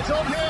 is on here.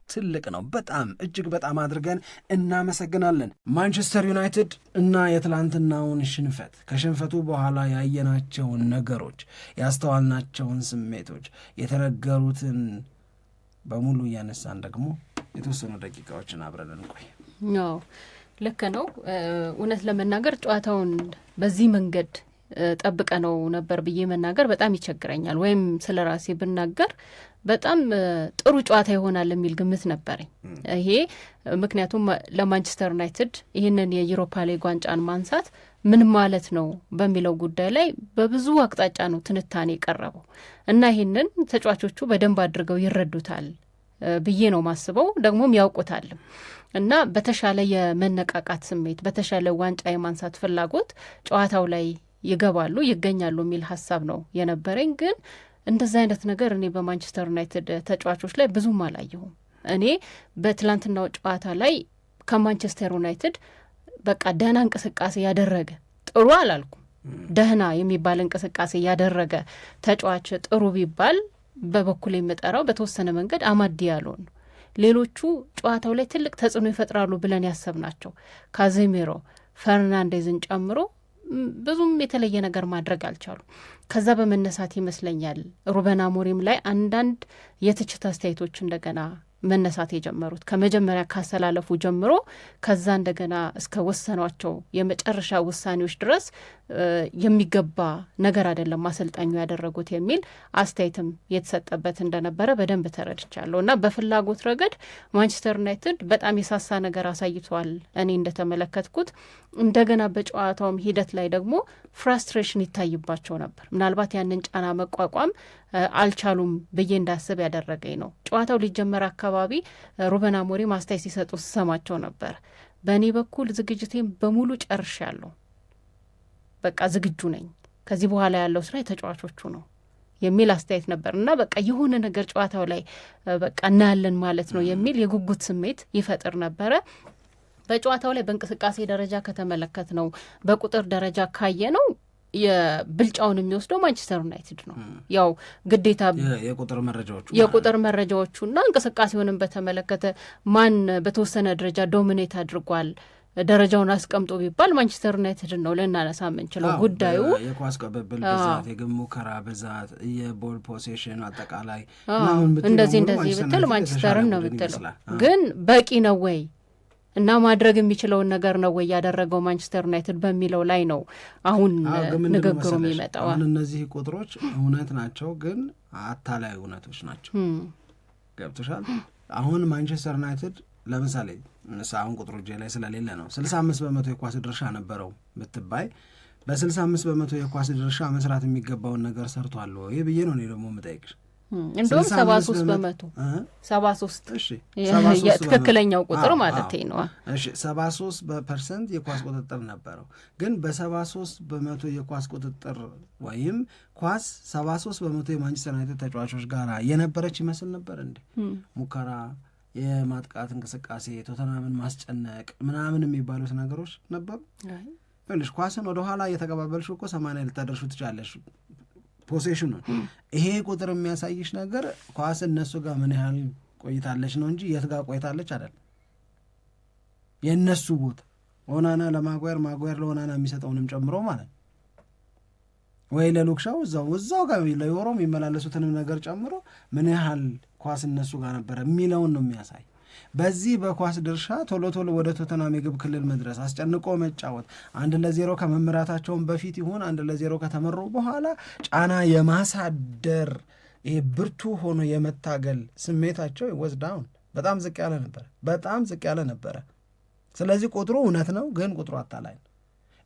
ትልቅ ነው። በጣም እጅግ በጣም አድርገን እናመሰግናለን። ማንቸስተር ዩናይትድ እና የትላንትናውን ሽንፈት ከሽንፈቱ በኋላ ያየናቸውን ነገሮች፣ ያስተዋልናቸውን ስሜቶች፣ የተነገሩትን በሙሉ እያነሳን ደግሞ የተወሰኑ ደቂቃዎችን አብረን እንቆይ። ልክ ነው። እውነት ለመናገር ጨዋታውን በዚህ መንገድ ጠብቀ ነው ነበር ብዬ መናገር በጣም ይቸግረኛል። ወይም ስለ ራሴ ብናገር በጣም ጥሩ ጨዋታ ይሆናል የሚል ግምት ነበረኝ። ይሄ ምክንያቱም ለማንቸስተር ዩናይትድ ይህንን የዩሮፓ ሊግ ዋንጫን ማንሳት ምን ማለት ነው በሚለው ጉዳይ ላይ በብዙ አቅጣጫ ነው ትንታኔ የቀረበው እና ይህንን ተጫዋቾቹ በደንብ አድርገው ይረዱታል ብዬ ነው ማስበው። ደግሞም ያውቁታልም እና በተሻለ የመነቃቃት ስሜት፣ በተሻለ ዋንጫ የማንሳት ፍላጎት ጨዋታው ላይ ይገባሉ ይገኛሉ የሚል ሀሳብ ነው የነበረኝ። ግን እንደዚ አይነት ነገር እኔ በማንቸስተር ዩናይትድ ተጫዋቾች ላይ ብዙም አላየሁም። እኔ በትላንትናው ጨዋታ ላይ ከማንቸስተር ዩናይትድ በቃ ደህና እንቅስቃሴ ያደረገ ጥሩ አላልኩም፣ ደህና የሚባል እንቅስቃሴ ያደረገ ተጫዋች ጥሩ ቢባል በበኩል የምጠራው በተወሰነ መንገድ አማዲ ዲያሎ ነው። ሌሎቹ ጨዋታው ላይ ትልቅ ተጽዕኖ ይፈጥራሉ ብለን ያሰብናቸው ካዜሚሮ፣ ፈርናንዴዝን ጨምሮ ብዙም የተለየ ነገር ማድረግ አልቻሉ። ከዛ በመነሳት ይመስለኛል ሩበን አሞሪም ላይ አንዳንድ የትችት አስተያየቶች እንደገና መነሳት የጀመሩት ከመጀመሪያ ካስተላለፉ ጀምሮ ከዛ እንደገና እስከ ወሰኗቸው የመጨረሻ ውሳኔዎች ድረስ የሚገባ ነገር አይደለም አሰልጣኙ ያደረጉት የሚል አስተያየትም የተሰጠበት እንደነበረ በደንብ ተረድቻለሁ እና በፍላጎት ረገድ ማንቸስተር ዩናይትድ በጣም የሳሳ ነገር አሳይቷል። እኔ እንደተመለከትኩት እንደገና በጨዋታውም ሂደት ላይ ደግሞ ፍራስትሬሽን ይታይባቸው ነበር። ምናልባት ያንን ጫና መቋቋም አልቻሉም ብዬ እንዳስብ ያደረገኝ ነው። ጨዋታው ሊጀመር አካባቢ ሩበን አሞሪ አስተያየት ሲሰጡ ስሰማቸው ነበር። በእኔ በኩል ዝግጅቴን በሙሉ ጨርሻለሁ፣ በቃ ዝግጁ ነኝ፣ ከዚህ በኋላ ያለው ስራ የተጫዋቾቹ ነው የሚል አስተያየት ነበር እና በቃ የሆነ ነገር ጨዋታው ላይ በቃ እናያለን ማለት ነው የሚል የጉጉት ስሜት ይፈጥር ነበረ። በጨዋታው ላይ በእንቅስቃሴ ደረጃ ከተመለከት ነው፣ በቁጥር ደረጃ ካየ ነው የብልጫውን የሚወስደው ማንቸስተር ዩናይትድ ነው። ያው ግዴታ የቁጥር መረጃዎቹ የቁጥር መረጃዎቹና እንቅስቃሴውንም በተመለከተ ማን በተወሰነ ደረጃ ዶሚኔት አድርጓል ደረጃውን አስቀምጦ ቢባል ማንቸስተር ዩናይትድ ነው ልናነሳ የምንችለው። ጉዳዩ የኳስ ቅብብል ብዛት፣ የግብ ሙከራ ብዛት፣ የቦል ፖሴሽን አጠቃላይ እንደዚህ እንደዚህ ብትል ማንቸስተርን ነው ብትል ግን በቂ ነው ወይ እና ማድረግ የሚችለውን ነገር ነው ወይ ያደረገው ማንቸስተር ዩናይትድ በሚለው ላይ ነው አሁን ንግግሩ የሚመጣው። አሁን እነዚህ ቁጥሮች እውነት ናቸው፣ ግን አታላይ እውነቶች ናቸው። ገብቶሻል? አሁን ማንቸስተር ዩናይትድ ለምሳሌ አሁን ቁጥሩ እጄ ላይ ስለሌለ ነው ስልሳ አምስት በመቶ የኳስ ድርሻ ነበረው ብትባይ በስልሳ አምስት በመቶ የኳስ ድርሻ መስራት የሚገባውን ነገር ሰርቷል ወይ ብዬ ነው እኔ ደግሞ የምጠይቅሽ እንዲሁም ሰባ ሶስት በመቶ ሰባ ሶስት ትክክለኛው ቁጥር ማለት ነው። ሰባ ሶስት በፐርሰንት የኳስ ቁጥጥር ነበረው፣ ግን በሰባ ሶስት በመቶ የኳስ ቁጥጥር ወይም ኳስ ሰባ ሶስት በመቶ የማንቸስተር ዩናይትድ ተጫዋቾች ጋር የነበረች ይመስል ነበር እንዴ ሙከራ የማጥቃት እንቅስቃሴ ቶተናምን ማስጨነቅ ምናምን የሚባሉት ነገሮች ነበሩ። ትንሽ ኳስን ወደኋላ እየተቀባበልሽ እኮ ሰማንያ ልታደርሹ ትችላለሽ ፖሴሽኑን። ይሄ ቁጥር የሚያሳይሽ ነገር ኳስ እነሱ ጋር ምን ያህል ቆይታለች ነው እንጂ የት ጋር ቆይታለች አይደለም። የእነሱ ቦታ ኦናና ለማጓየር ማጓየር ለኦናና የሚሰጠውንም ጨምሮ ማለት ወይ ለሉክሻው እዛው እዛው ጋር ለዮሮ የሚመላለሱትንም ነገር ጨምሮ ምን ያህል ኳስ እነሱ ጋር ነበረ የሚለውን ነው የሚያሳይ በዚህ በኳስ ድርሻ ቶሎ ቶሎ ወደ ቶተናም የግብ ክልል መድረስ አስጨንቆ መጫወት አንድ ለዜሮ ከመምራታቸውን በፊት ይሁን አንድ ለዜሮ ከተመሩ በኋላ ጫና የማሳደር ይሄ ብርቱ ሆኖ የመታገል ስሜታቸው ወዝ ዳውን በጣም ዝቅ ያለ ነበረ፣ በጣም ዝቅ ያለ ነበረ። ስለዚህ ቁጥሩ እውነት ነው፣ ግን ቁጥሩ አታላይ ነው።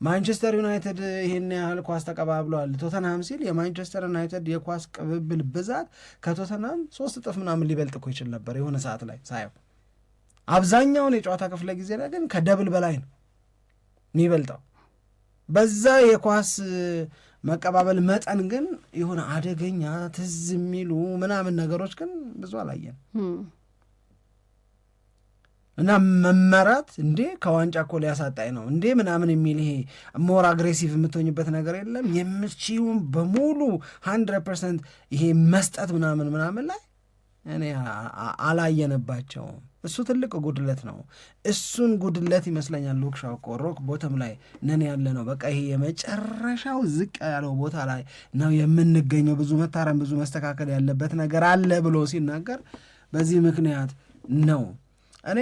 ማንቸስተር ዩናይትድ ይህን ያህል ኳስ ተቀባብለዋል ቶተናም ሲል የማንቸስተር ዩናይትድ የኳስ ቅብብል ብዛት ከቶተናም ሶስት እጥፍ ምናምን ሊበልጥ እኮ ይችል ነበር የሆነ ሰዓት ላይ ሳየው አብዛኛውን የጨዋታ ክፍለ ጊዜ ላይ ግን ከደብል በላይ ነው የሚበልጠው። በዛ የኳስ መቀባበል መጠን ግን የሆነ አደገኛ ትዝ የሚሉ ምናምን ነገሮች ግን ብዙ አላየን እና መመራት እንዴ ከዋንጫ እኮ ሊያሳጣኝ ነው እንዴ ምናምን የሚል ይሄ ሞር አግሬሲቭ የምትሆኝበት ነገር የለም። የምችውን በሙሉ ሀንድረድ ፐርሰንት ይሄ መስጠት ምናምን ምናምን ላይ እኔ አላየነባቸውም። እሱ ትልቅ ጉድለት ነው። እሱን ጉድለት ይመስለኛል ሉክ ሻው እኮ ሮክ ቦተም ላይ ነን ያለ ነው። በቃ ይሄ የመጨረሻው ዝቅ ያለው ቦታ ላይ ነው የምንገኘው። ብዙ መታረም፣ ብዙ መስተካከል ያለበት ነገር አለ ብሎ ሲናገር በዚህ ምክንያት ነው እኔ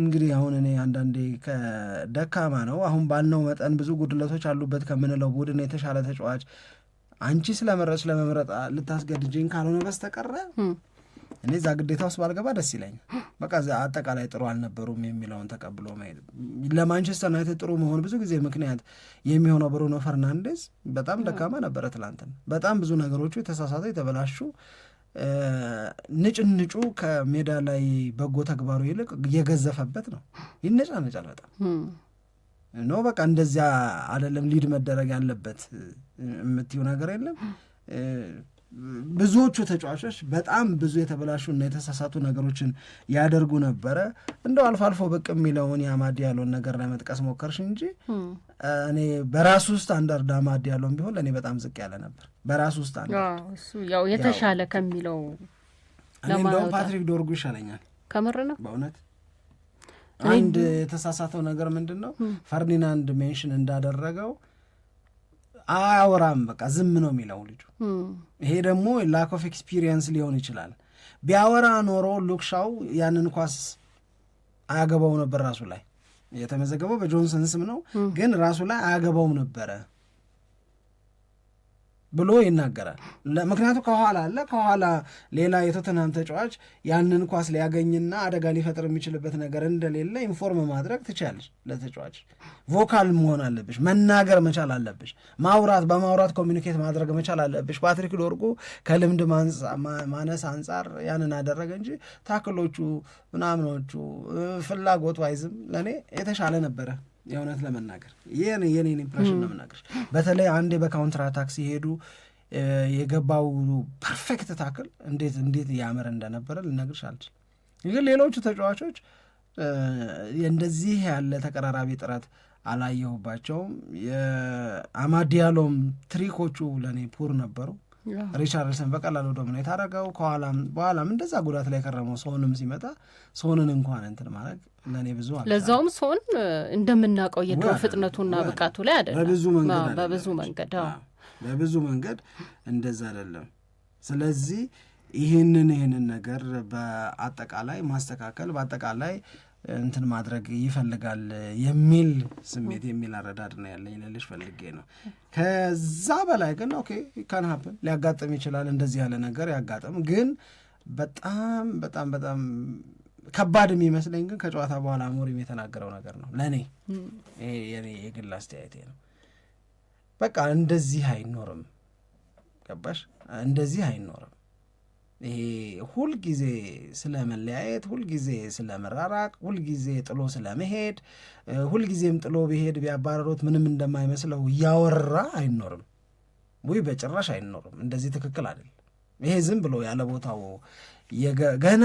እንግዲህ አሁን እኔ አንዳንዴ ከደካማ ነው አሁን ባልነው መጠን ብዙ ጉድለቶች አሉበት ከምንለው ቡድን የተሻለ ተጫዋች አንቺ ስለመረጥ ስለመምረጥ ልታስገድጅኝ ካልሆነ በስተቀረ እኔ እዛ ግዴታ ውስጥ ባልገባ ደስ ይለኛል። በቃ አጠቃላይ ጥሩ አልነበሩም የሚለውን ተቀብሎ መሄድ ለማንቸስተር ዩናይትድ ጥሩ መሆን ብዙ ጊዜ ምክንያት የሚሆነው ብሩኖ ፈርናንዴዝ በጣም ደካማ ነበረ። ትላንትና በጣም ብዙ ነገሮቹ የተሳሳተ የተበላሹ ንጭንጩ ከሜዳ ላይ በጎ ተግባሩ ይልቅ የገዘፈበት ነው። ይነጫነጫል በጣም ኖ በቃ እንደዚያ አይደለም ሊድ መደረግ ያለበት የምትዩ ነገር የለም። ብዙዎቹ ተጫዋቾች በጣም ብዙ የተበላሹ እና የተሳሳቱ ነገሮችን ያደርጉ ነበረ። እንደው አልፎ አልፎ ብቅ የሚለውን የአማድ ያለውን ነገር ለመጥቀስ ሞከርሽ እንጂ እኔ በራሱ ስታንዳርድ አማድ ያለውን ቢሆን ለእኔ በጣም ዝቅ ያለ ነበር። በራሱ ስታንዳርድ ያው የተሻለ ከሚለው እንደውም ፓትሪክ ዶርጉ ይሻለኛል። ከምር ነው በእውነት አንድ የተሳሳተው ነገር ምንድን ነው ፈርዲናንድ ሜንሽን እንዳደረገው አያወራም። በቃ ዝም ነው የሚለው ልጁ። ይሄ ደግሞ ላክ ኦፍ ኤክስፒሪየንስ ሊሆን ይችላል። ቢያወራ ኖሮ ሉክሻው ያንን ኳስ አያገባው ነበር። ራሱ ላይ የተመዘገበው በጆንሰን ስም ነው፣ ግን ራሱ ላይ አያገባውም ነበረ። ብሎ ይናገራል። ምክንያቱ ከኋላ አለ። ከኋላ ሌላ የቶተንሃም ተጫዋች ያንን ኳስ ሊያገኝና አደጋ ሊፈጥር የሚችልበት ነገር እንደሌለ ኢንፎርም ማድረግ ትችላለች። ለተጫዋች ቮካል መሆን አለብሽ፣ መናገር መቻል አለብሽ፣ ማውራት በማውራት ኮሚኒኬት ማድረግ መቻል አለብሽ። ፓትሪክ ዶርጉ ከልምድ ማነስ አንጻር ያንን አደረገ እንጂ ታክሎቹ ምናምኖቹ ፍላጎት ዋይዝም ለእኔ የተሻለ ነበረ። የእውነት ለመናገር የኔ የኔን ኢምፕሬሽን ለመናገር በተለይ አንዴ በካውንትር አታክ ሲሄዱ የገባው ፐርፌክት ታክል እንዴት እንዴት ያምር እንደነበረ ልነግርሽ አልችል። ግን ሌሎቹ ተጫዋቾች እንደዚህ ያለ ተቀራራቢ ጥረት አላየሁባቸውም። የአማዲያሎም ትሪኮቹ ለእኔ ፑር ነበሩ። ሪቻርልስን በቀላሉ ዶሚኔት አደረገው። በኋላም እንደዛ ጉዳት ላይ የከረመው ሰውንም ሲመጣ ሰውንን እንኳን እንትን ማድረግ ለእኔ ብዙ ለዛውም ሰውን እንደምናውቀው የድሮ ፍጥነቱና ብቃቱ ላይ አይደለም። በብዙ መንገድ በብዙ መንገድ እንደዛ አይደለም። ስለዚህ ይህንን ይህንን ነገር በአጠቃላይ ማስተካከል በአጠቃላይ እንትን ማድረግ ይፈልጋል የሚል ስሜት የሚል አረዳድ ነው ያለኝ ልልሽ ፈልጌ ነው። ከዛ በላይ ግን ኦኬ ካን ሀፕን ሊያጋጥም ይችላል እንደዚህ ያለ ነገር ያጋጥም። ግን በጣም በጣም በጣም ከባድ የሚመስለኝ ግን ከጨዋታ በኋላ አሞሪም የተናገረው ነገር ነው። ለእኔ የኔ የግል አስተያየቴ ነው። በቃ እንደዚህ አይኖርም ገባሽ? እንደዚህ አይኖርም ይሄ ሁልጊዜ ስለ መለያየት፣ ሁልጊዜ ስለ መራራቅ፣ ሁልጊዜ ጥሎ ስለ መሄድ፣ ሁልጊዜም ጥሎ ብሄድ ቢያባረሩት ምንም እንደማይመስለው እያወራ አይኖርም። ውይ በጭራሽ አይኖርም። እንደዚህ ትክክል አይደለም። ይሄ ዝም ብሎ ያለ ቦታው ገና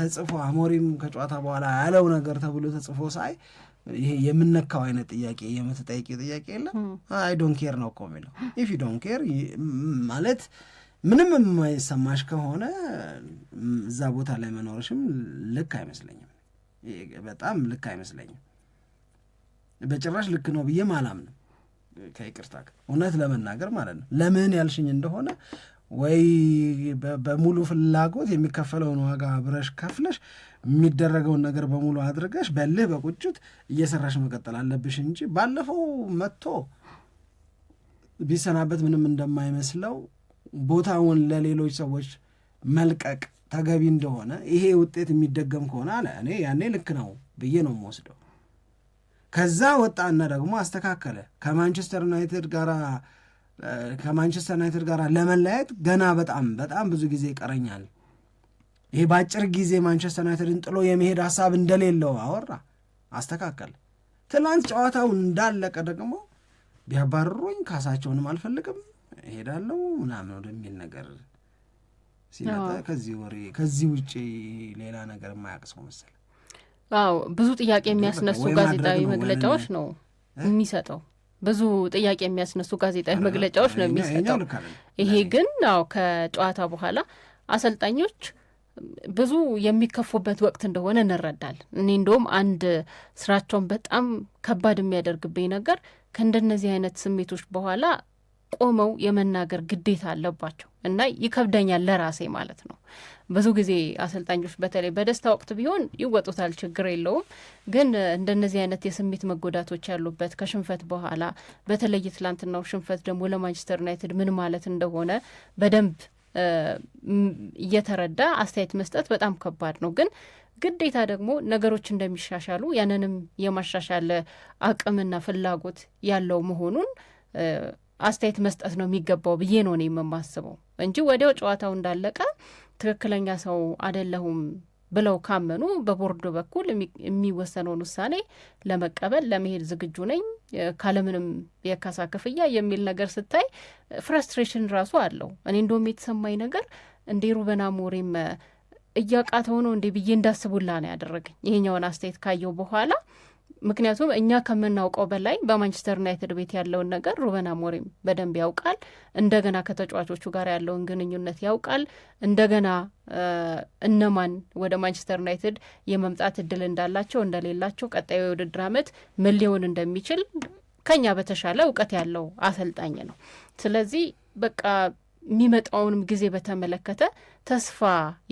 ተጽፎ አሞሪም ከጨዋታ በኋላ ያለው ነገር ተብሎ ተጽፎ ሳይ ይሄ የምነካው አይነት ጥያቄ የምትጠይቂው ጥያቄ የለም። አይ ዶንት ኬር ነው እኮ የሚለው ኢፍ ዶንት ኬር ማለት ምንም የማይሰማሽ ከሆነ እዛ ቦታ ላይ መኖርሽም ልክ አይመስለኝም። በጣም ልክ አይመስለኝም። በጭራሽ ልክ ነው ብዬ አላምንም። ከይቅርታ እውነት ለመናገር ማለት ነው። ለምን ያልሽኝ እንደሆነ ወይ በሙሉ ፍላጎት የሚከፈለውን ዋጋ ብረሽ ከፍለሽ የሚደረገውን ነገር በሙሉ አድርገሽ በልህ በቁጭት እየሰራሽ መቀጠል አለብሽ እንጂ ባለፈው መጥቶ ቢሰናበት ምንም እንደማይመስለው ቦታውን ለሌሎች ሰዎች መልቀቅ ተገቢ እንደሆነ ይሄ ውጤት የሚደገም ከሆነ አለ እኔ ያኔ ልክ ነው ብዬ ነው የምወስደው። ከዛ ወጣና ደግሞ አስተካከለ። ከማንቸስተር ዩናይትድ ጋር ከማንቸስተር ዩናይትድ ጋር ለመለያየት ገና በጣም በጣም ብዙ ጊዜ ይቀረኛል። ይሄ በአጭር ጊዜ ማንቸስተር ዩናይትድን ጥሎ የመሄድ ሀሳብ እንደሌለው አወራ፣ አስተካከለ ትናንት ጨዋታው እንዳለቀ ደግሞ ቢያባርሩኝ ካሳቸውንም አልፈልግም ሄዳለው ምናምን ወደሚል ነገር ሲመጣ ከዚህ ወሬ ከዚህ ውጭ ሌላ ነገር የማያውቅ ሰው መሰለህ። አዎ ብዙ ጥያቄ የሚያስነሱ ጋዜጣዊ መግለጫዎች ነው የሚሰጠው። ብዙ ጥያቄ የሚያስነሱ ጋዜጣዊ መግለጫዎች ነው የሚሰጠው። ይሄ ግን አዎ ከጨዋታ በኋላ አሰልጣኞች ብዙ የሚከፉበት ወቅት እንደሆነ እንረዳል። እኔ እንደውም አንድ ስራቸውን በጣም ከባድ የሚያደርግብኝ ነገር ከእንደነዚህ አይነት ስሜቶች በኋላ ቆመው የመናገር ግዴታ አለባቸው እና ይከብደኛል ለራሴ ማለት ነው። ብዙ ጊዜ አሰልጣኞች በተለይ በደስታ ወቅት ቢሆን ይወጡታል፣ ችግር የለውም። ግን እንደነዚህ አይነት የስሜት መጎዳቶች ያሉበት ከሽንፈት በኋላ በተለይ ትላንትናው ሽንፈት ደግሞ ለማንቸስተር ዩናይትድ ምን ማለት እንደሆነ በደንብ እየተረዳ አስተያየት መስጠት በጣም ከባድ ነው ግን ግዴታ ደግሞ ነገሮች እንደሚሻሻሉ ያንንም የማሻሻል አቅምና ፍላጎት ያለው መሆኑን አስተያየት መስጠት ነው የሚገባው ብዬ ነው እኔ የማስበው እንጂ ወዲያው ጨዋታው እንዳለቀ ትክክለኛ ሰው አይደለሁም ብለው ካመኑ በቦርዶ በኩል የሚወሰነውን ውሳኔ ለመቀበል ለመሄድ ዝግጁ ነኝ ካለምንም የካሳ ክፍያ የሚል ነገር ስታይ ፍራስትሬሽን ራሱ አለው። እኔ እንደውም የተሰማኝ ነገር እንዴ ሩበን አሞሪም እያቃተው ነው እንዴ ብዬ እንዳስቡላ ነው ያደረገኝ ይሄኛውን አስተያየት ካየው በኋላ ምክንያቱም እኛ ከምናውቀው በላይ በማንቸስተር ዩናይትድ ቤት ያለውን ነገር ሩበን አሞሪም በደንብ ያውቃል። እንደገና ከተጫዋቾቹ ጋር ያለውን ግንኙነት ያውቃል። እንደገና እነማን ወደ ማንቸስተር ዩናይትድ የመምጣት እድል እንዳላቸው እንደሌላቸው፣ ቀጣዩ የውድድር ዓመት ምን ሊሆን እንደሚችል ከኛ በተሻለ እውቀት ያለው አሰልጣኝ ነው። ስለዚህ በቃ የሚመጣውንም ጊዜ በተመለከተ ተስፋ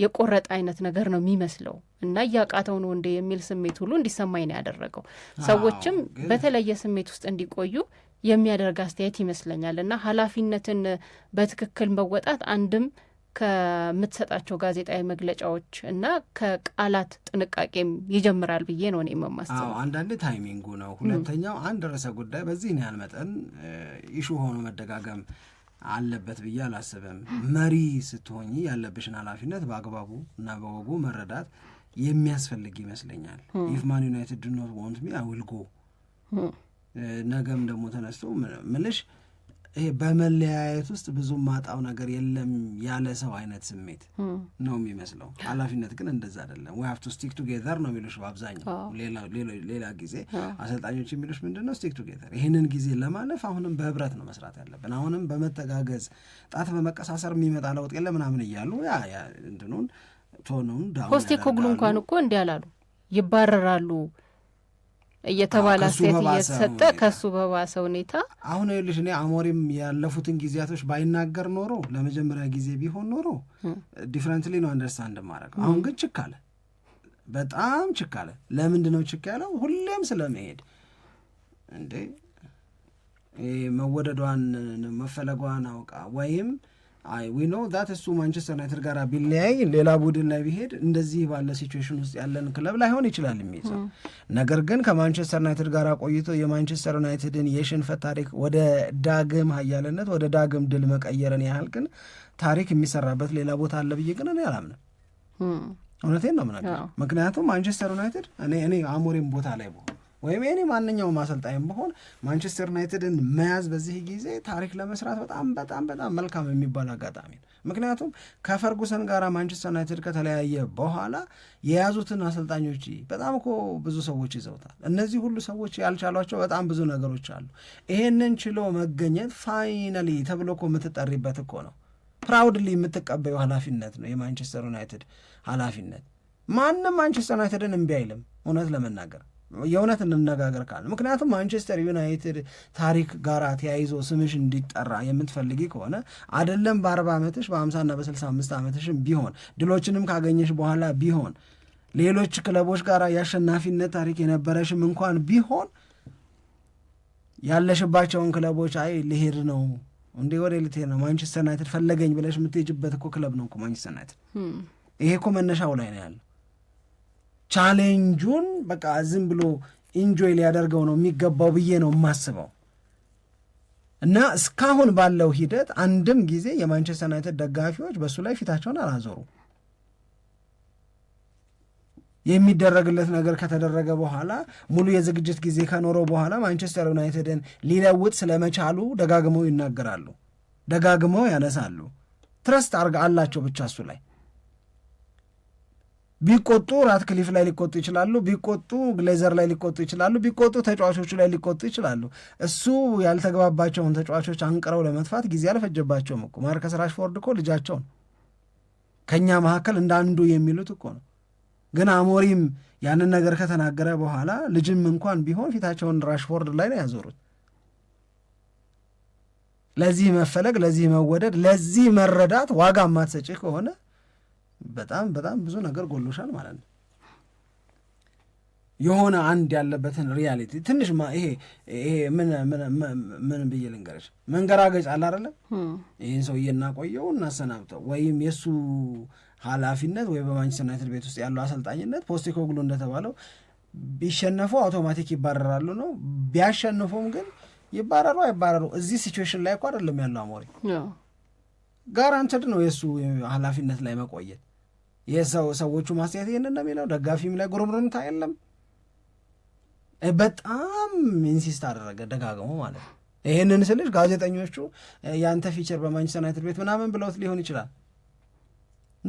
የቆረጠ አይነት ነገር ነው የሚመስለው እና እያቃተው ነው እንደ የሚል ስሜት ሁሉ እንዲሰማኝ ነው ያደረገው። ሰዎችም በተለየ ስሜት ውስጥ እንዲቆዩ የሚያደርግ አስተያየት ይመስለኛል እና ኃላፊነትን በትክክል መወጣት አንድም ከምትሰጣቸው ጋዜጣዊ መግለጫዎች እና ከቃላት ጥንቃቄም ይጀምራል ብዬ ነው እኔ የማስበው። አንዳንድ ታይሚንጉ ነው። ሁለተኛው አንድ ርዕሰ ጉዳይ በዚህ ያህል መጠን ኢሹ ሆኖ መደጋገም አለበት ብዬ አላስብም። መሪ ስትሆኝ ያለብሽን ኃላፊነት በአግባቡ እና በወጉ መረዳት የሚያስፈልግ ይመስለኛል። ኢፍ ማን ዩናይትድ ድ ኖት ዋንት ሚ አይ ዊል ጎ ነገም ደግሞ ተነስቶ ምልሽ ይሄ በመለያየት ውስጥ ብዙ ማጣው ነገር የለም ያለ ሰው አይነት ስሜት ነው የሚመስለው። ኃላፊነት ግን እንደዛ አይደለም። ዊ ሃቭ ቱ ስቲክ ቱጌዘር ነው የሚሉሽ በአብዛኛው። ሌላ ጊዜ አሰልጣኞች የሚሉሽ ምንድን ነው? ስቲክ ቱጌዘር። ይህንን ጊዜ ለማለፍ አሁንም በህብረት ነው መስራት ያለብን። አሁንም በመተጋገዝ ጣት በመቀሳሰር የሚመጣ ለውጥ የለ ምናምን እያሉ ያ እንትኑን ቶኑን ዳሁን ኮግሉ እንኳን እኮ እንዲህ አላሉ ይባረራሉ እየተባለ ሴት እየተሰጠ ከሱ በባሰ ሁኔታ አሁን ይኸውልሽ፣ እኔ አሞሪም ያለፉትን ጊዜያቶች ባይናገር ኖሮ ለመጀመሪያ ጊዜ ቢሆን ኖሮ ዲፍረንትሊ ነው አንደርስታንድ ማረገው። አሁን ግን ችክ አለ፣ በጣም ችክ አለ። ለምንድን ነው ችክ ያለው? ሁሌም ስለመሄድ እንዴ መወደዷን መፈለጓን አውቃ ወይም አይ ኖ ዛት እሱ ማንቸስተር ዩናይትድ ጋር ቢለያይ ሌላ ቡድን ላይ ቢሄድ እንደዚህ ባለ ሲቹዌሽን ውስጥ ያለን ክለብ ላይሆን ይችላል የሚይዘው። ነገር ግን ከማንቸስተር ዩናይትድ ጋር ቆይቶ የማንቸስተር ዩናይትድን የሽንፈት ታሪክ ወደ ዳግም ኃያልነት ወደ ዳግም ድል መቀየርን ያህል ግን ታሪክ የሚሰራበት ሌላ ቦታ አለ ብዬ ግን እኔ አላምንም። እውነቴን ነው ምናገር። ምክንያቱም ማንቸስተር ዩናይትድ እኔ እኔ አሞሬም ቦታ ላይ በሆነ ወይም የኔ ማንኛውም አሰልጣኝም በሆን ማንቸስተር ዩናይትድን መያዝ በዚህ ጊዜ ታሪክ ለመስራት በጣም በጣም በጣም መልካም የሚባል አጋጣሚ ነው። ምክንያቱም ከፈርጉሰን ጋር ማንቸስተር ዩናይትድ ከተለያየ በኋላ የያዙትን አሰልጣኞች በጣም እኮ ብዙ ሰዎች ይዘውታል። እነዚህ ሁሉ ሰዎች ያልቻሏቸው በጣም ብዙ ነገሮች አሉ። ይሄንን ችሎ መገኘት ፋይናሊ ተብሎ እኮ የምትጠሪበት እኮ ነው። ፕራውድሊ የምትቀበዩ ኃላፊነት ነው የማንቸስተር ዩናይትድ ኃላፊነት። ማንም ማንቸስተር ዩናይትድን እምቢ አይልም እውነት ለመናገር የእውነት እንነጋገር ካለ ምክንያቱም ማንቸስተር ዩናይትድ ታሪክ ጋር ተያይዞ ስምሽ እንዲጠራ የምትፈልጊ ከሆነ አደለም በአርባ ዓመትሽ በአምሳና በስልሳ አምስት ዓመትሽም ቢሆን ድሎችንም ካገኘሽ በኋላ ቢሆን ሌሎች ክለቦች ጋር የአሸናፊነት ታሪክ የነበረሽም እንኳን ቢሆን ያለሽባቸውን ክለቦች አይ ልሄድ ነው እንዴ ወደ ልትሄድ ነው ማንቸስተር ዩናይትድ ፈለገኝ ብለሽ የምትሄጅበት እኮ ክለብ ነው ማንቸስተር ዩናይትድ። ይሄ እኮ መነሻው ላይ ነው ያለው። ቻሌንጁን በቃ ዝም ብሎ ኢንጆይ ሊያደርገው ነው የሚገባው ብዬ ነው የማስበው እና እስካሁን ባለው ሂደት አንድም ጊዜ የማንቸስተር ዩናይትድ ደጋፊዎች በእሱ ላይ ፊታቸውን አላዞሩ። የሚደረግለት ነገር ከተደረገ በኋላ ሙሉ የዝግጅት ጊዜ ከኖረው በኋላ ማንቸስተር ዩናይትድን ሊለውጥ ስለመቻሉ ደጋግመው ይናገራሉ፣ ደጋግመው ያነሳሉ። ትረስት አርግ አላቸው ብቻ እሱ ላይ ቢቆጡ ራትክሊፍ ላይ ሊቆጡ ይችላሉ። ቢቆጡ ግሌዘር ላይ ሊቆጡ ይችላሉ። ቢቆጡ ተጫዋቾቹ ላይ ሊቆጡ ይችላሉ። እሱ ያልተገባባቸውን ተጫዋቾች አንቅረው ለመጥፋት ጊዜ አልፈጀባቸውም እኮ ማርከስ ራሽፎርድ እኮ ልጃቸው ነው፣ ከእኛ መካከል እንደ አንዱ የሚሉት እኮ ነው። ግን አሞሪም ያንን ነገር ከተናገረ በኋላ ልጅም እንኳን ቢሆን ፊታቸውን ራሽፎርድ ላይ ነው ያዞሩት። ለዚህ መፈለግ፣ ለዚህ መወደድ፣ ለዚህ መረዳት ዋጋ ማትሰጭህ ከሆነ በጣም በጣም ብዙ ነገር ጎሎሻል ማለት ነው። የሆነ አንድ ያለበትን ሪያሊቲ ትንሽ ይሄ ይሄ ምን ምን ብዬ ልንገርሽ፣ መንገራገጭ አለ አይደለ? ይህን ሰው እናቆየው እናሰናብተው፣ ወይም የእሱ ኃላፊነት ወይ በማንቸስተር ዩናይትድ ቤት ውስጥ ያለው አሰልጣኝነት ፖስቴኮግሉ እንደተባለው ቢሸነፉ አውቶማቲክ ይባረራሉ ነው። ቢያሸንፉም ግን ይባረሩ አይባረሩ እዚህ ሲትዌሽን ላይ እኮ አይደለም ያለው አሞሪ ጋራንትድ ነው የእሱ ኃላፊነት ላይ መቆየት የሰው ሰዎቹ ማስተያየት ይህን እንደሚለው ደጋፊም ላይ ጉርምርምታ የለም። በጣም ኢንሲስት አደረገ ደጋግሞ ማለት ነው። ይህንን ስልሽ ጋዜጠኞቹ የአንተ ፊቸር በማንቸስተር ዩናይትድ ቤት ምናምን ብለውት ሊሆን ይችላል።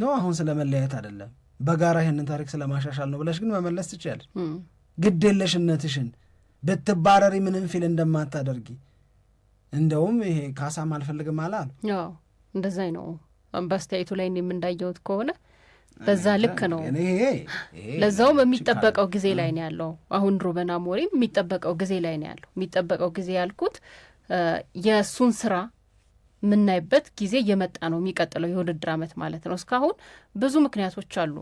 ኖ አሁን ስለ መለያየት አይደለም፣ በጋራ ይህንን ታሪክ ስለማሻሻል ነው ብለሽ ግን መመለስ ትችያለሽ። ግዴለሽነትሽን ብትባረሪ ምንም ፊል እንደማታደርጊ እንደውም ይሄ ካሳም አልፈልግም አለ አሉ። ነው። በአስተያየቱ ላይ እኔም እንዳየሁት ከሆነ በዛ ልክ ነው። ለዛውም የሚጠበቀው ጊዜ ላይ ነው ያለው። አሁን ሩበን አሞሪም የሚጠበቀው ጊዜ ላይ ነው ያለው። የሚጠበቀው ጊዜ ያልኩት የእሱን ስራ የምናይበት ጊዜ እየመጣ ነው፣ የሚቀጥለው የውድድር አመት ማለት ነው። እስካሁን ብዙ ምክንያቶች አሉ።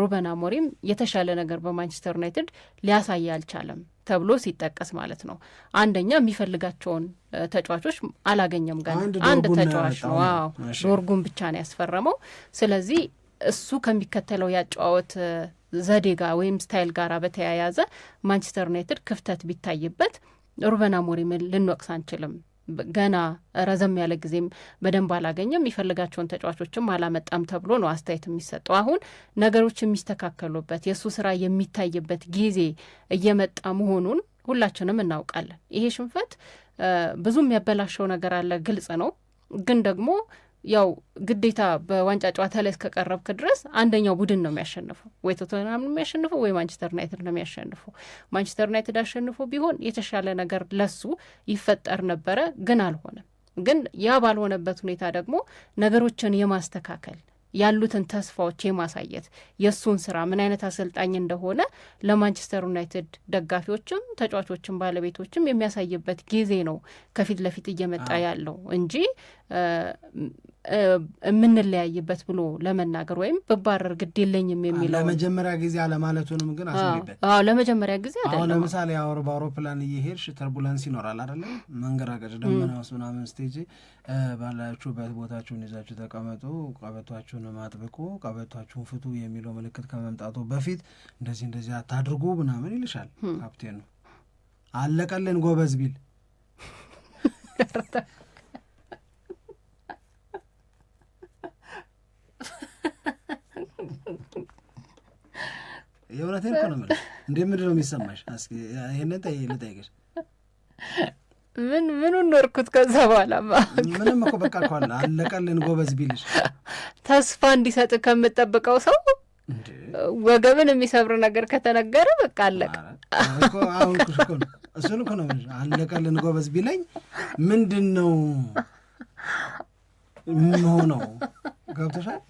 ሩበን አሞሪም የተሻለ ነገር በማንቸስተር ዩናይትድ ሊያሳይ አልቻለም ተብሎ ሲጠቀስ ማለት ነው። አንደኛ የሚፈልጋቸውን ተጫዋቾች አላገኘም። ጋር አንድ ተጫዋች ነው ዶርጉን ብቻ ነው ያስፈረመው። ስለዚህ እሱ ከሚከተለው ያጨዋወት ዘዴ ጋር ወይም ስታይል ጋር በተያያዘ ማንቸስተር ዩናይትድ ክፍተት ቢታይበት ሩበን አሞሪምን ልንወቅስ አንችልም። ገና ረዘም ያለ ጊዜም በደንብ አላገኘም፣ የሚፈልጋቸውን ተጫዋቾችም አላመጣም ተብሎ ነው አስተያየት የሚሰጠው። አሁን ነገሮች የሚስተካከሉበት የእሱ ስራ የሚታይበት ጊዜ እየመጣ መሆኑን ሁላችንም እናውቃለን። ይሄ ሽንፈት ብዙ የሚያበላሸው ነገር አለ፣ ግልጽ ነው። ግን ደግሞ ያው ግዴታ በዋንጫ ጨዋታ ላይ እስከቀረብክ ድረስ አንደኛው ቡድን ነው የሚያሸንፈው። ወይ ቶተናም ነው የሚያሸንፈው፣ ወይ ማንቸስተር ዩናይትድ ነው የሚያሸንፈው። ማንቸስተር ዩናይትድ አሸንፎ ቢሆን የተሻለ ነገር ለሱ ይፈጠር ነበረ፣ ግን አልሆነም። ግን ያ ባልሆነበት ሁኔታ ደግሞ ነገሮችን የማስተካከል ያሉትን ተስፋዎች የማሳየት የእሱን ስራ ምን አይነት አሰልጣኝ እንደሆነ ለማንቸስተር ዩናይትድ ደጋፊዎችም ተጫዋቾችም ባለቤቶችም የሚያሳይበት ጊዜ ነው ከፊት ለፊት እየመጣ ያለው እንጂ የምንለያይበት ብሎ ለመናገር ወይም ብባረር ግድ የለኝም የሚለው ለመጀመሪያ ጊዜ አለማለቱንም ግን አስቢበት። ለመጀመሪያ ጊዜ አሁን ለምሳሌ በአውሮፕላን እየሄድሽ ተርቡላንስ ይኖራል አይደለ? መንገራገጭ ደመና ውስጥ ምናምን ስቴጅ ባላችሁበት ቦታችሁን ይዛችሁ ተቀመጡ፣ ቀበቷችሁን አጥብቁ፣ ቀበቷችሁን ፍቱ የሚለው ምልክት ከመምጣቱ በፊት እንደዚህ እንደዚህ አታድርጉ ምናምን ይልሻል ካፕቴኑ። አለቀልን ጎበዝ ቢል የእውነቴን እኮ ነው የምልሽ። እንደ ምንድን ነው የሚሰማሽ? እስኪ ይህንን ጠይቅሽ። ምን ምኑን ኖርኩት? ከዛ በኋላ ምንም እኮ በቃ ከኋላ አለቀልን ጎበዝ ቢልሽ ተስፋ እንዲሰጥ ከምጠብቀው ሰው ወገብን የሚሰብር ነገር ከተነገረ በቃ አለቀ። እሱን እኮ ነው አለቀልን ጎበዝ ቢለኝ ምንድን ነው ሆነው ገብተሻል።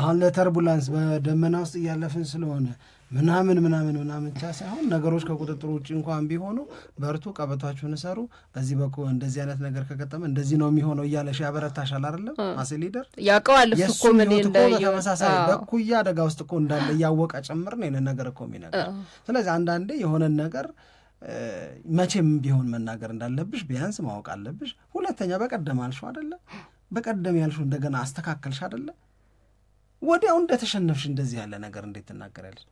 አሁን ለተርቡላንስ በደመና ውስጥ እያለፍን ስለሆነ ምናምን ምናምን ምናምን ብቻ ሳይሆን ነገሮች ከቁጥጥር ውጭ እንኳን ቢሆኑ በርቱ፣ ቀበቷችሁን እሰሩ፣ በዚህ በኩል እንደዚህ አይነት ነገር ከገጠመ እንደዚህ ነው የሚሆነው እያለሽ ያበረታሻል። አይደለም አሴ ሊደር ያውቀዋል እኮ በተመሳሳይ በኩያ አደጋ ውስጥ እኮ እንዳለ እያወቀ ጭምር ነው ይህንን ነገር እኮ የሚነገር። ስለዚህ አንዳንዴ የሆነን ነገር መቼም ቢሆን መናገር እንዳለብሽ ቢያንስ ማወቅ አለብሽ። ሁለተኛ በቀደም አልሽው አይደለም በቀደም ያልሹ እንደገና አስተካከልሽ አደለ? ወዲያው እንደተሸነፍሽ እንደዚህ ያለ ነገር እንዴት ትናገራለች?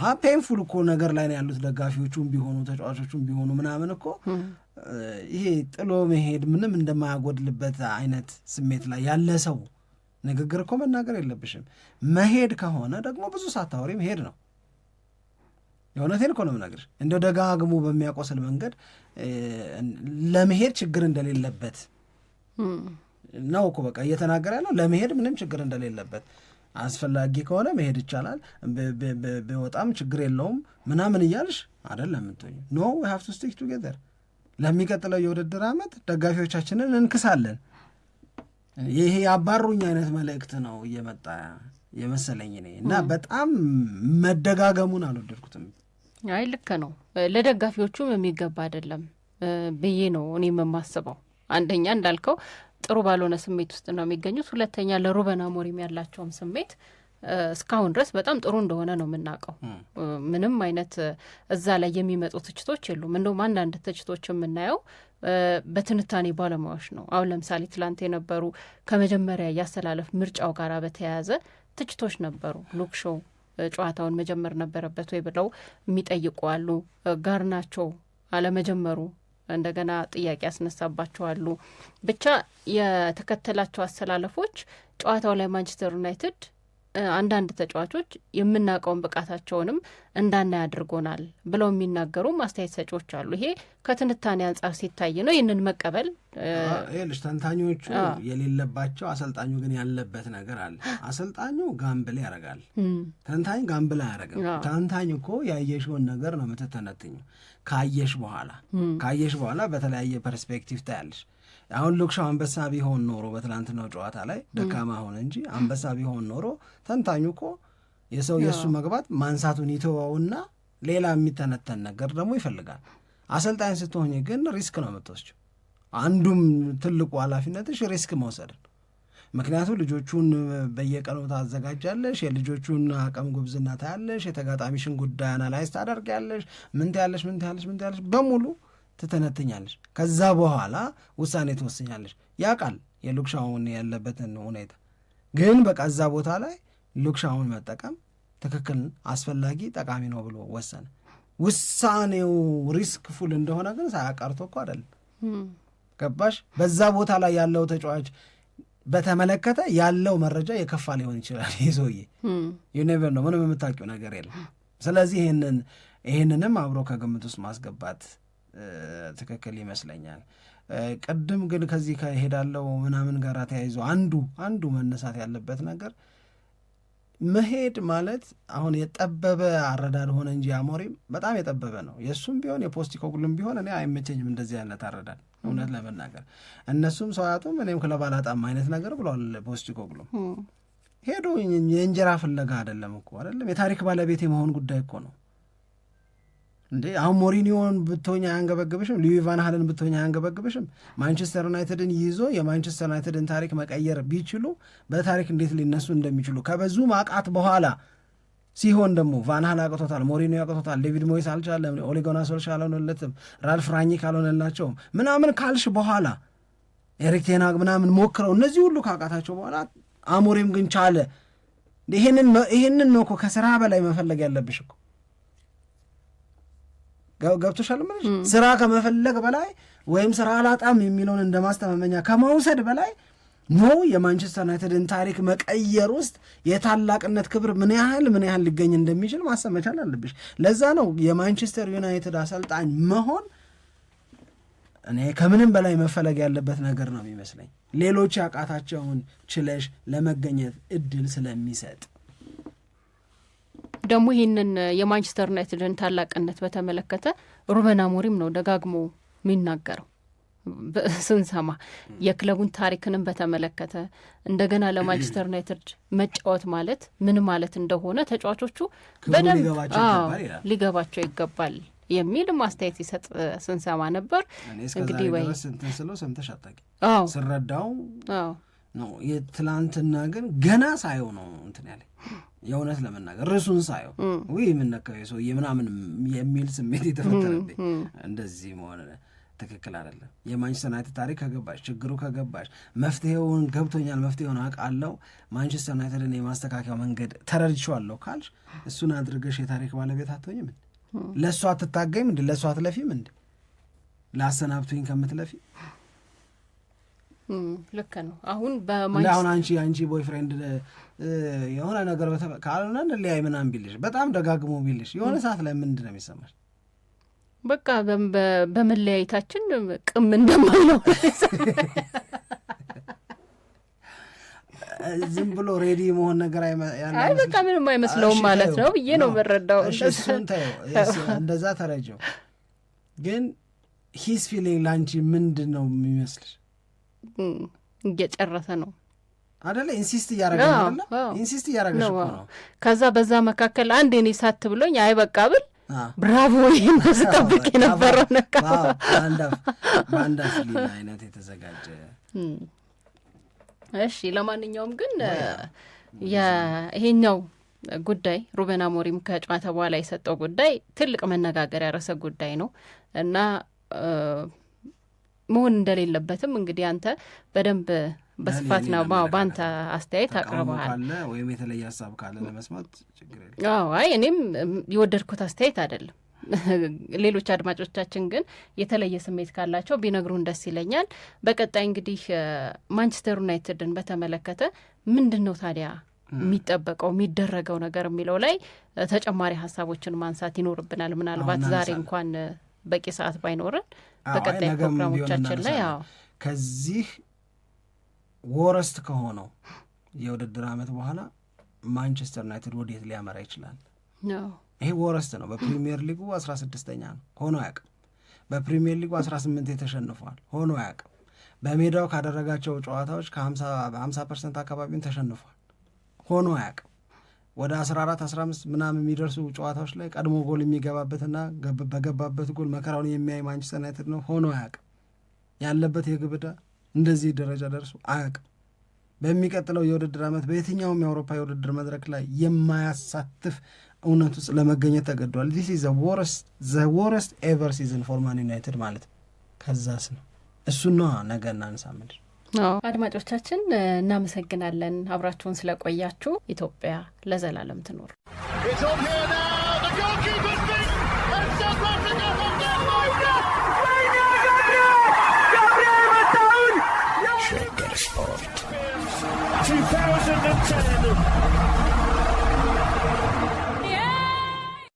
ሀ ፔንፉል እኮ ነገር ላይ ነው ያሉት ደጋፊዎቹም ቢሆኑ ተጫዋቾቹም ቢሆኑ ምናምን እኮ ይሄ ጥሎ መሄድ ምንም እንደማያጎድልበት አይነት ስሜት ላይ ያለ ሰው ንግግር እኮ መናገር የለብሽም። መሄድ ከሆነ ደግሞ ብዙ ሳታወሪ መሄድ ነው። የእውነቴን እኮ ነው የምነግርሽ። እንደው ደጋግሞ በሚያቆስል መንገድ ለመሄድ ችግር እንደሌለበት ነው እኮ በቃ እየተናገረ ያለው ለመሄድ ምንም ችግር እንደሌለበት አስፈላጊ ከሆነ መሄድ ይቻላል፣ በጣም ችግር የለውም ምናምን እያልሽ አይደለም የምትሆኝ። ኖ ሀፍ ቱ ስቲክ ቱጌዘር። ለሚቀጥለው የውድድር ዓመት ደጋፊዎቻችንን እንክሳለን። ይሄ የአባሩኝ አይነት መልእክት ነው እየመጣ የመሰለኝ እኔ እና በጣም መደጋገሙን አልወደድኩትም። አይ ልክ ነው፣ ለደጋፊዎቹም የሚገባ አይደለም ብዬ ነው እኔ የማስበው። አንደኛ እንዳልከው ጥሩ ባልሆነ ስሜት ውስጥ ነው የሚገኙት። ሁለተኛ ለሩበን አሞሪም ያላቸውም ስሜት እስካሁን ድረስ በጣም ጥሩ እንደሆነ ነው የምናውቀው። ምንም አይነት እዛ ላይ የሚመጡ ትችቶች የሉም። እንደውም አንዳንድ ትችቶች የምናየው በትንታኔ ባለሙያዎች ነው። አሁን ለምሳሌ ትላንት የነበሩ ከመጀመሪያ ያሰላለፍ ምርጫው ጋር በተያያዘ ትችቶች ነበሩ። ሉክ ሾው ጨዋታውን መጀመር ነበረበት ወይ ብለው የሚጠይቁ አሉ። ናቸው አለመጀመሩ እንደገና ጥያቄ ያስነሳባቸዋሉ። ብቻ የተከተላቸው አሰላለፎች ጨዋታው ላይ ማንቸስተር ዩናይትድ አንዳንድ ተጫዋቾች የምናውቀውን ብቃታቸውንም እንዳናይ አድርጎናል ብለው የሚናገሩ አስተያየት ሰጪዎች አሉ። ይሄ ከትንታኔ አንጻር ሲታይ ነው ይህንን መቀበል ልሽ ተንታኞቹ የሌለባቸው አሰልጣኙ ግን ያለበት ነገር አለ። አሰልጣኙ ጋምብል ያደርጋል፣ ተንታኝ ጋምብል አያደርግም። ተንታኝ እኮ ያየሽውን ነገር ነው የምትተነትኝ። ካየሽ በኋላ ካየሽ በኋላ በተለያየ ፐርስፔክቲቭ ታያለሽ። አሁን ሉክሻው አንበሳ ቢሆን ኖሮ በትላንትናው ጨዋታ ላይ ደካማ ሆነ እንጂ አንበሳ ቢሆን ኖሮ ተንታኙ እኮ የሰው የእሱ መግባት ማንሳቱን ይተወውና ሌላ የሚተነተን ነገር ደግሞ ይፈልጋል። አሰልጣኝ ስትሆኝ ግን ሪስክ ነው የምትወስችው። አንዱም ትልቁ ኃላፊነትሽ ሪስክ መውሰድን ምክንያቱም ልጆቹን በየቀኑ ታዘጋጃለሽ፣ የልጆቹን አቅም ጉብዝና ታያለሽ፣ የተጋጣሚሽን ጉዳይ አናላይዝ ታደርጊያለሽ። ምንት ያለሽ ምንት ያለሽ ምንት ያለሽ በሙሉ ትተነትኛለች ከዛ በኋላ ውሳኔ ትወስኛለሽ። ያውቃል የሉክሻውን ያለበትን ሁኔታ ግን በቃ እዛ ቦታ ላይ ሉክሻውን መጠቀም ትክክል፣ አስፈላጊ፣ ጠቃሚ ነው ብሎ ወሰነ። ውሳኔው ሪስክ ፉል እንደሆነ ግን ሳያቀርቶ እኮ አይደለም። ገባሽ? በዛ ቦታ ላይ ያለው ተጫዋች በተመለከተ ያለው መረጃ የከፋ ሊሆን ይችላል። ይዞዬ ዩኔቨር ነው፣ ምንም የምታውቂው ነገር የለም። ስለዚህ ይህንን ይህንንም አብሮ ከግምት ውስጥ ማስገባት ትክክል ይመስለኛል። ቅድም ግን ከዚህ ከሄዳለው ምናምን ጋር ተያይዞ አንዱ አንዱ መነሳት ያለበት ነገር መሄድ ማለት አሁን የጠበበ አረዳድ ሆነ እንጂ አሞሪም በጣም የጠበበ ነው። የእሱም ቢሆን የፖስቴኮግሉም ቢሆን እኔ አይመቸኝም እንደዚህ አይነት አረዳድ እውነት ለመናገር እነሱም ሰው እኔም ክለብ አላጣም አይነት ነገር ብሏል። ፖስቴኮግሉም። ሄዱ የእንጀራ ፍለጋ አይደለም እኮ አይደለም የታሪክ ባለቤት የመሆን ጉዳይ እኮ ነው። እንዴ አሁን ሞሪኒዮን ብትሆኝ አያንገበግብሽም? ሉዊ ቫን ሃልን ብትሆኝ አያንገበግብሽም? ማንቸስተር ዩናይትድን ይዞ የማንቸስተር ዩናይትድን ታሪክ መቀየር ቢችሉ በታሪክ እንዴት ሊነሱ እንደሚችሉ ከብዙ ማቃት በኋላ ሲሆን ደግሞ ቫን ሃል አቅቶታል፣ ሞሪኒዮ አቅቶታል፣ ዴቪድ ሞይስ አልቻለም፣ ኦሊጎና ጉናር አልሆነለትም፣ ራልፍ ራኚክ አልሆነላቸውም ምናምን ካልሽ በኋላ ኤሪክ ቴን ምናምን ሞክረው እነዚህ ሁሉ ካቃታቸው በኋላ አሞሪም ግን ቻለ። ይህንን ነው እኮ ከስራ በላይ መፈለግ ያለብሽ እኮ ገብቶሻል ምን ስራ ከመፈለግ በላይ ወይም ስራ አላጣም የሚለውን እንደ ማስተማመኛ ከመውሰድ በላይ ኖ የማንቸስተር ዩናይትድን ታሪክ መቀየር ውስጥ የታላቅነት ክብር ምን ያህል ምን ያህል ሊገኝ እንደሚችል ማሰብ መቻል አለብሽ። ለዛ ነው የማንቸስተር ዩናይትድ አሰልጣኝ መሆን እኔ ከምንም በላይ መፈለግ ያለበት ነገር ነው የሚመስለኝ ሌሎች ያቃታቸውን ችለሽ ለመገኘት እድል ስለሚሰጥ ደግሞ ይህንን የማንቸስተር ዩናይትድን ታላቅነት በተመለከተ ሩበን አሞሪም ነው ደጋግሞ የሚናገረው ስንሰማ የክለቡን ታሪክንም በተመለከተ እንደገና ለማንቸስተር ዩናይትድ መጫወት ማለት ምን ማለት እንደሆነ ተጫዋቾቹ በደንብ ሊገባቸው ይገባል የሚል ማስተያየት ይሰጥ ስንሰማ ነበር። እንግዲህ ወይ ስንትን ስለው ስረዳው ነው። የትላንትና ግን ገና ሳየው ነው እንትን ያለ የእውነት ለመናገር ርዕሱን ሳየው ወይ የምነካው የሰውዬ ምናምን የሚል ስሜት የተፈጠረብኝ እንደዚህ መሆን ትክክል አይደለም። የማንቸስተር ዩናይትድ ታሪክ ከገባሽ ችግሩ ከገባሽ መፍትሄውን ገብቶኛል፣ መፍትሄውን አውቃለሁ፣ ማንቸስተር ዩናይትድን የማስተካከያ መንገድ ተረድቼዋለሁ ካልሽ እሱን አድርገሽ የታሪክ ባለቤት አትሆኝም። ለእሷ አትታገይም እንዲ ለእሷ አትለፊም እንዲ ለአሰናብቱኝ ከምትለፊ ልክ ነው። አሁን አሁን አንቺ አንቺ ቦይፍሬንድ የሆነ ነገር ካልሆነ እንለያይ ምናምን ቢልሽ በጣም ደጋግሞ ቢልሽ የሆነ ሰዓት ላይ ምንድን ነው የሚሰማሽ? በቃ በመለያየታችን ቅም እንደማለው ዝም ብሎ ሬዲ መሆን ነገር አይ በቃ ምንም አይመስለውም ማለት ነው ብዬ ነው የምረዳው። እሱን ተይው፣ እንደዛ ተረጀው። ግን ሂስ ፊሊንግ ለአንቺ ምንድን ነው የሚመስልሽ? እየጨረሰ ነው አደለ ኢንሲስት እያረገ ኢንሲስት እያረገ ነው። ከዛ በዛ መካከል አንድ እኔ ሳት ብሎኝ አይ በቃ ብል ብራቮ ይህን ስጠብቅ የነበረው ነቃበአንዳ አይነት የተዘጋጀ እሺ። ለማንኛውም ግን ይሄኛው ጉዳይ ሩበን አሞሪም ከጨዋታ በኋላ የሰጠው ጉዳይ ትልቅ መነጋገር ያረሰ ጉዳይ ነው እና መሆን እንደሌለበትም እንግዲህ አንተ በደንብ በስፋት ነው በአንተ አስተያየት አቅርበሃል። ወይም የተለየ ሀሳብ ካለ ለመስማት ችግር የለም። አይ እኔም የወደድኩት አስተያየት አይደለም። ሌሎች አድማጮቻችን ግን የተለየ ስሜት ካላቸው ቢነግሩን ደስ ይለኛል። በቀጣይ እንግዲህ ማንቸስተር ዩናይትድን በተመለከተ ምንድን ነው ታዲያ የሚጠበቀው የሚደረገው ነገር የሚለው ላይ ተጨማሪ ሀሳቦችን ማንሳት ይኖርብናል። ምናልባት ዛሬ እንኳን በቂ ሰዓት ባይኖርን? በቀጣይ ፕሮግራሞቻችን ላይ ከዚህ ወረስት ከሆነው የውድድር አመት በኋላ ማንቸስተር ዩናይትድ ወዴት ሊያመራ ይችላል? ይሄ ወረስት ነው። በፕሪሚየር ሊጉ አስራ ስድስተኛ ነው ሆኖ አያውቅም። በፕሪሚየር ሊጉ አስራ ስምንት የተሸንፏል ሆኖ አያውቅም። በሜዳው ካደረጋቸው ጨዋታዎች ከሀምሳ ፐርሰንት አካባቢውን ተሸንፏል ሆኖ አያውቅም። ወደ 14 15 ምናምን የሚደርሱ ጨዋታዎች ላይ ቀድሞ ጎል የሚገባበትና በገባበት ጎል መከራውን የሚያይ ማንቸስተር ዩናይትድ ነው ሆኖ አያውቅም። ያለበት የግብ ዕዳ እንደዚህ ደረጃ ደርሶ አያውቅም። በሚቀጥለው የውድድር ዓመት በየትኛውም የአውሮፓ የውድድር መድረክ ላይ የማያሳትፍ እውነት ውስጥ ለመገኘት ተገዷል። ዲስ ዘ ወረስት ኤቨር ሲዝን ፎር ማን ዩናይትድ ማለት ከዛስ ነው። እሱ ነዋ ነገ እናንሳ ምድር አድማጮቻችን እናመሰግናለን አብራችሁን ስለቆያችሁ። ኢትዮጵያ ለዘላለም ትኖር።